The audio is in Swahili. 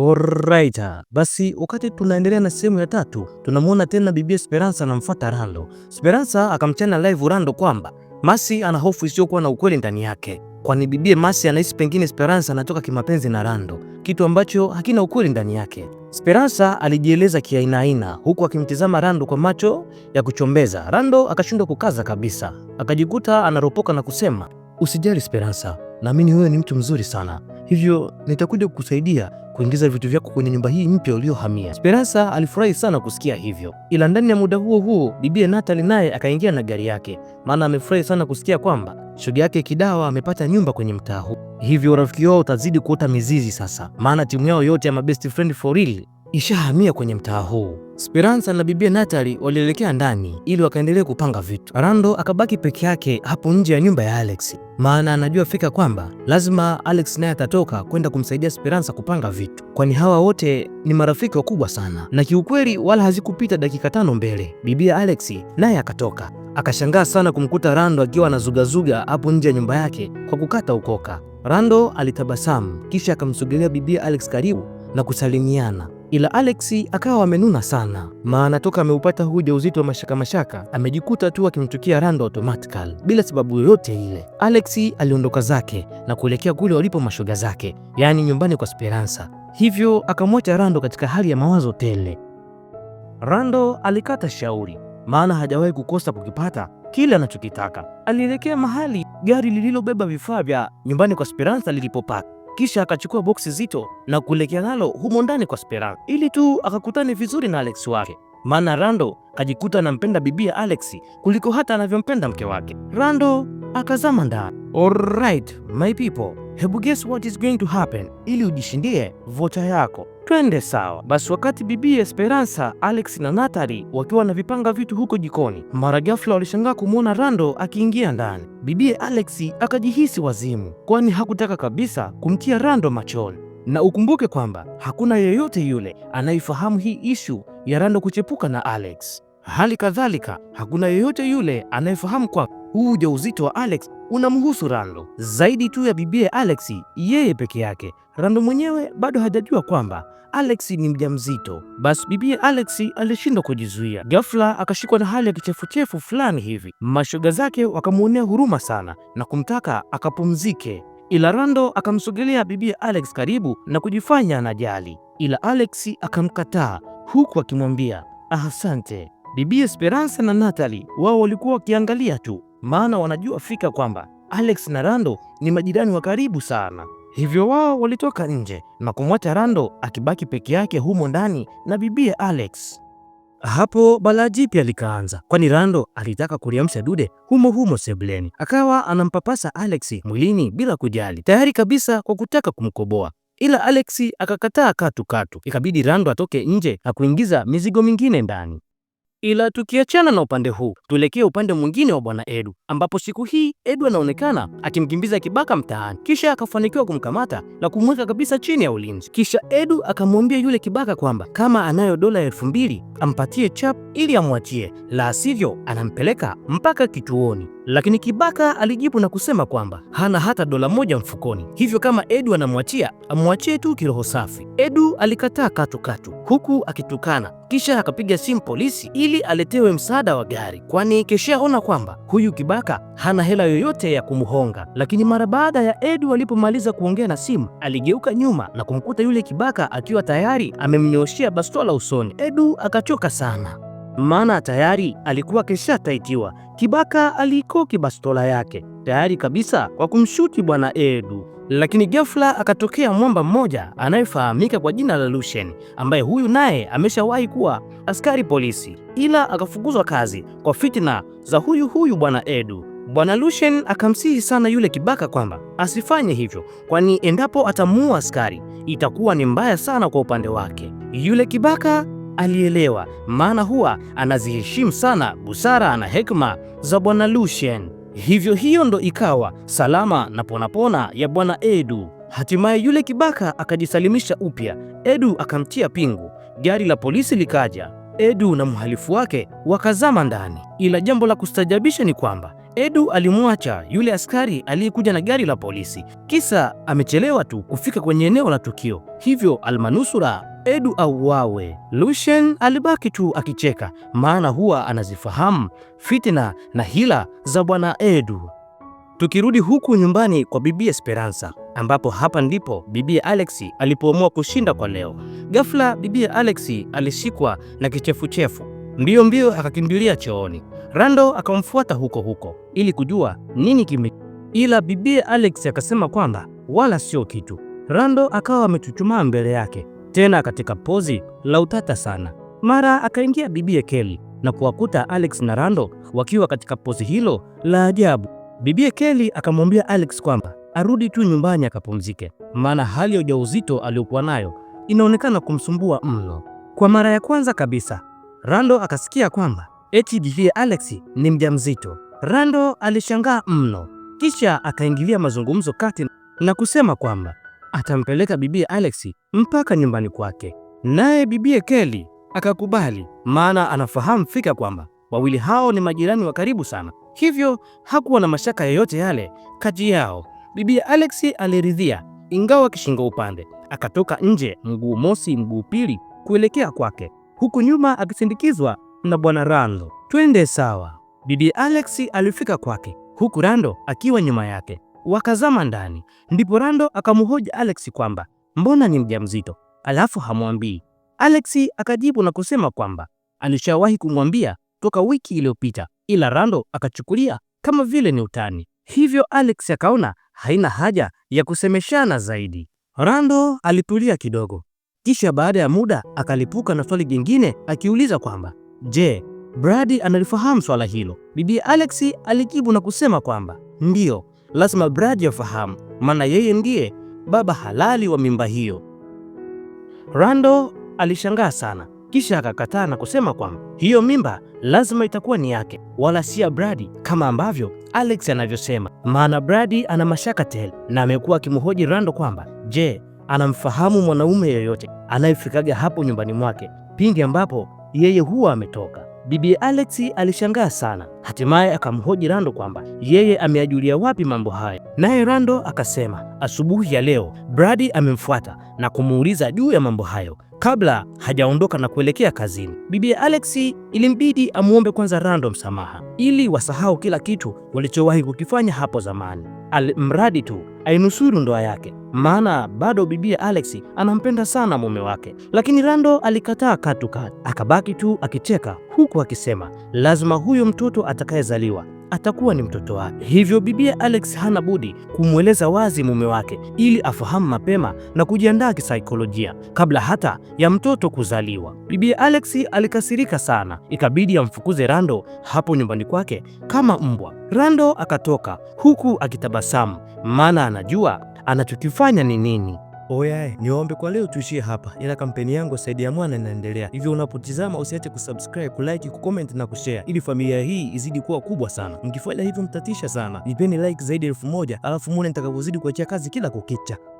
Alright, basi wakati tunaendelea na sehemu ya tatu, tunamwona tena bibi Esperanza anamfuata Rando. Esperanza akamchana live Rando kwamba Masi ana hofu isiyokuwa na ukweli ndani yake, kwani bibi Masi anahisi pengine Esperanza anatoka kimapenzi na Rando, kitu ambacho hakina ukweli ndani yake. Esperanza alijieleza kiainaaina huku akimtizama Rando kwa macho ya kuchombeza. Rando akashindwa kukaza kabisa, akajikuta anaropoka na kusema, usijali Esperanza, naamini wewe ni mtu mzuri sana, hivyo nitakuja kukusaidia kuingiza vitu vyako kwenye nyumba hii mpya uliyohamia. Speransa alifurahi sana kusikia hivyo, ila ndani ya muda huo huo bibie Natali naye akaingia na gari yake, maana amefurahi sana kusikia kwamba shoga yake Kidawa amepata nyumba kwenye mtaa huu, hivyo urafiki wao utazidi kuota mizizi sasa, maana timu yao yote ya mabest friend for real ishahamia kwenye mtaa huu. Speranza na bibia natali walielekea ndani ili wakaendelee kupanga vitu. Rando akabaki peke yake hapo nje ya nyumba ya Alex, maana anajua fika kwamba lazima Alex naye atatoka kwenda kumsaidia Speranza kupanga vitu, kwani hawa wote ni marafiki wakubwa sana, na kiukweli wala hazikupita dakika tano mbele bibia Alex naye akatoka. Akashangaa sana kumkuta Rando akiwa anazugazuga hapo nje ya nyumba yake kwa kukata ukoka. Rando alitabasamu kisha akamsogelea bibia Alex karibu na kusalimiana ila Alex akawa amenuna sana, maana toka ameupata huu ujauzito wa mashaka mashaka amejikuta tu akimtukia Rando automatical bila sababu yoyote ile. Alex aliondoka zake na kuelekea kule walipo mashoga zake, yaani nyumbani kwa Speransa, hivyo akamwacha Rando katika hali ya mawazo tele. Rando alikata shauri, maana hajawahi kukosa kukipata kile anachokitaka. Alielekea mahali gari lililobeba vifaa vya nyumbani kwa Speransa lilipopaka kisha akachukua boksi zito na kuelekea nalo humo ndani kwa Speran ili tu akakutane vizuri na Alex wake, maana Rando kajikuta anampenda bibia Alex kuliko hata anavyompenda mke wake. Rando akazama ndani. Alright my people, hebu guess what is going to happen, ili ujishindie vota yako twende sawa. Basi wakati bibi Esperanza, Alex na Natali wakiwa wanavipanga vitu huko jikoni, mara ghafla walishangaa kumwona Rando akiingia ndani. Bibi Alex akajihisi wazimu, kwani hakutaka kabisa kumtia Rando machoni. Na ukumbuke kwamba hakuna yeyote yule anayefahamu hii ishu ya Rando kuchepuka na Alex. Hali kadhalika hakuna yeyote yule anayefahamu kwamba huu ujauzito wa Alex unamhusu Rando zaidi tu ya bibie Alex yeye peke yake. Rando mwenyewe bado hajajua kwamba Alex ni mjamzito. Basi bibie Alex alishindwa kujizuia, ghafla akashikwa na hali ya kichefuchefu fulani hivi. Mashoga zake wakamwonea huruma sana na kumtaka akapumzike, ila Rando akamsogelea bibie Alex karibu na kujifanya anajali, ila Alex akamkataa huku akimwambia ahasante. Bibi Esperanza na Natalie wao walikuwa wakiangalia tu maana wanajua fika kwamba Alex na Rando ni majirani wa karibu sana. Hivyo wao walitoka nje na kumwacha Rando akibaki peke yake humo ndani na bibie Alex. Hapo balaa jipya likaanza, kwani Rando alitaka kuliamsha dude humo humo sebleni, akawa anampapasa Alex mwilini bila kujali, tayari kabisa kwa kutaka kumkoboa, ila Alex akakataa katu katu. Ikabidi Rando atoke nje na kuingiza mizigo mingine ndani. Ila tukiachana na upande huu, tuelekee upande mwingine wa bwana Edu, ambapo siku hii Edu anaonekana akimkimbiza Kibaka mtaani, kisha akafanikiwa kumkamata na kumweka kabisa chini ya ulinzi. Kisha Edu akamwambia yule Kibaka kwamba kama anayo dola elfu mbili ampatie chap ili amwachie, la sivyo anampeleka mpaka kituoni. Lakini Kibaka alijibu na kusema kwamba hana hata dola moja mfukoni, hivyo kama Edu anamwachia amwachie tu kiroho safi. Edu alikataa katukatu, huku akitukana, kisha akapiga simu polisi ili aletewe msaada wa gari, kwani kishaona kwamba huyu Kibaka hana hela yoyote ya kumhonga. Lakini mara baada ya Edu alipomaliza kuongea na simu, aligeuka nyuma na kumkuta yule Kibaka akiwa tayari amemnyoshia bastola usoni. Edu akachoka sana maana tayari alikuwa taitiwa Kibaka alikoki bastola yake tayari kabisa kwa kumshuti bwana Edu, lakini ghafla akatokea mwamba mmoja anayefahamika kwa jina la Lucien, ambaye huyu naye ameshawahi kuwa askari polisi, ila akafukuzwa kazi kwa fitina za huyu huyu bwana Edu. Bwana Lucien akamsihi sana yule kibaka kwamba asifanye hivyo, kwani endapo atamuua askari itakuwa ni mbaya sana kwa upande wake. Yule kibaka alielewa, maana huwa anaziheshimu sana busara na hekima za Bwana Lucien. Hivyo hiyo ndo ikawa salama na ponapona ya Bwana Edu. Hatimaye yule kibaka akajisalimisha upya. Edu akamtia pingu, gari la polisi likaja. Edu na mhalifu wake wakazama ndani, ila jambo la kustajabisha ni kwamba Edu alimwacha yule askari aliyekuja na gari la polisi, kisa amechelewa tu kufika kwenye eneo la tukio. Hivyo almanusura Edu auawe. Lucien alibaki tu akicheka, maana huwa anazifahamu fitina na hila za bwana Edu. Tukirudi huku nyumbani kwa bibi Esperanza, ambapo hapa ndipo bibi Alexi alipoamua kushinda kwa leo. Ghafla bibi Alexi alishikwa na kichefuchefu, mbio mbio akakimbilia chooni. Rando akamfuata huko huko ili kujua nini kime, ila bibi Alexi akasema kwamba wala sio kitu. Rando akawa amechuchumaa mbele yake tena katika pozi la utata sana. Mara akaingia Bibiye Kelly na kuwakuta Alex na Rando wakiwa katika pozi hilo la ajabu. Bibiye Kelly akamwambia Alex kwamba arudi tu nyumbani akapumzike, maana hali ya ujauzito aliyokuwa nayo inaonekana kumsumbua mno. Kwa mara ya kwanza kabisa, Rando akasikia kwamba eti bibiye Alex ni mjamzito. Rando alishangaa mno, kisha akaingilia mazungumzo kati na kusema kwamba atampeleka bibie Alexi mpaka nyumbani kwake, naye bibie Kelly akakubali, maana anafahamu fika kwamba wawili hao ni majirani wa karibu sana, hivyo hakuwa na mashaka yoyote yale kati yao. Bibie Alexi aliridhia, ingawa kishinga upande, akatoka nje mguu mosi mguu pili kuelekea kwake, huku nyuma akisindikizwa na bwana Rando. Twende sawa. Bibi Alexi alifika kwake huku Rando akiwa nyuma yake. Wakazama ndani, ndipo Rando akamhoji Alex kwamba mbona ni mjamzito alafu hamwambii. Alex akajibu na kusema kwamba alishawahi kumwambia toka wiki iliyopita, ila Rando akachukulia kama vile ni utani, hivyo Alex akaona haina haja ya kusemeshana zaidi. Rando alitulia kidogo, kisha baada ya muda akalipuka na swali jingine akiuliza kwamba je, Brady analifahamu swala hilo? Bibi Alex alijibu na kusema kwamba ndiyo lazima bradi afahamu, maana yeye ndiye baba halali wa mimba hiyo. Rando alishangaa sana, kisha akakataa na kusema kwamba hiyo mimba lazima itakuwa ni yake, wala si ya Brady kama ambavyo Alex anavyosema, maana bradi ana mashaka tele na amekuwa akimhoji Rando kwamba je, anamfahamu mwanaume yoyote anayefikaga hapo nyumbani mwake pindi ambapo yeye huwa ametoka. Bibi Alex alishangaa sana. Hatimaye akamhoji Rando kwamba yeye ameajulia wapi mambo haya, naye Rando akasema asubuhi ya leo Brady amemfuata na kumuuliza juu ya mambo hayo kabla hajaondoka na kuelekea kazini. Bibi Alex ilimbidi amuombe kwanza Rando msamaha ili wasahau kila kitu walichowahi kukifanya hapo zamani, almradi tu ainusuru ndoa yake maana bado bibia Alex anampenda sana mume wake, lakini Rando alikataa katukatu, akabaki tu akicheka huku akisema lazima huyo mtoto atakayezaliwa atakuwa ni mtoto wake. Hivyo bibia Alex hana budi kumweleza wazi mume wake ili afahamu mapema na kujiandaa kisaikolojia kabla hata ya mtoto kuzaliwa. bibia Alex alikasirika sana, ikabidi amfukuze Rando hapo nyumbani kwake kama mbwa. Rando akatoka huku akitabasamu, maana anajua anachokifanya ni nini. Oyae, niwaombe kwa leo tuishie hapa, ila kampeni yangu Saidi ya Mwana inaendelea. Hivyo unapotizama usiache kusubscribe, kulike, kucomment na kushare ili familia hii izidi kuwa kubwa sana. Mkifanya hivyo mtatisha sana. Nipeni like zaidi elfu moja alafu muone nitakapozidi kuachia kazi kila kukicha.